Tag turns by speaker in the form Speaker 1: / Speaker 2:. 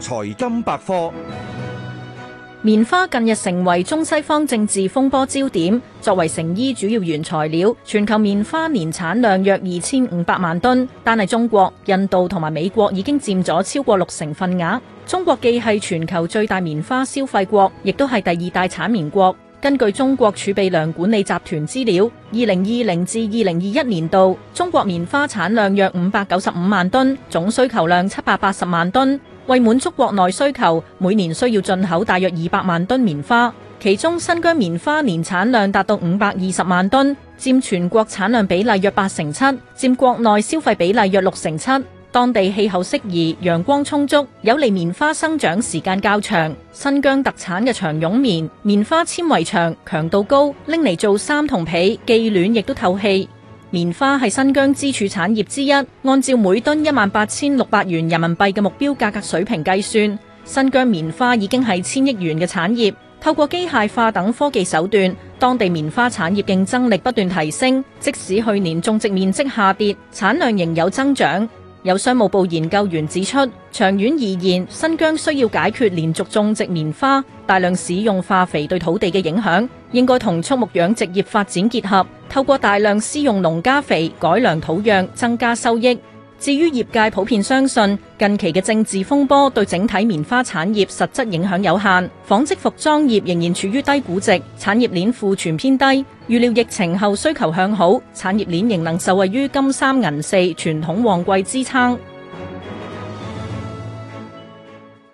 Speaker 1: 財金百科，棉花近日成為中西方政治風波焦點。作為成衣主要原材料，全球棉花年產量約二千五百萬噸，但係中國、印度同埋美國已經佔咗超過六成份額。中國既係全球最大棉花消費國，亦都係第二大產棉國。根據中國儲備糧管理集團資料，二零二零至二零二一年度，中國棉花產量約五百九十五萬噸，總需求量七百八十萬噸。為滿足國內需求，每年需要進口大約二百萬噸棉花，其中新疆棉花年產量達到五百二十萬噸，佔全國產量比例約八成七，佔國內消費比例約六成七。當地氣候適宜，陽光充足，有利棉花生長時間較長。新疆特產嘅長絨棉，棉花纖維長、強度高，拎嚟做衫同被，既暖亦都透氣。棉花係新疆支柱產業之一，按照每噸一萬八千六百元人民幣嘅目標價格水平計算，新疆棉花已經係千億元嘅產業。透過機械化等科技手段，當地棉花產業競爭力不斷提升。即使去年種植面積下跌，產量仍有增長。有商務部研究員指出，長遠而言，新疆需要解決連續種植棉花、大量使用化肥對土地嘅影響。應該同畜牧養殖業發展結合，透過大量施用農家肥改良土壤，增加收益。至於業界普遍相信，近期嘅政治風波對整體棉花產業實質影響有限。紡織服裝業仍然處於低估值，產業鏈庫存偏低，預料疫情後需求向好，產業鏈仍能受惠於金三銀四傳統旺季支撐。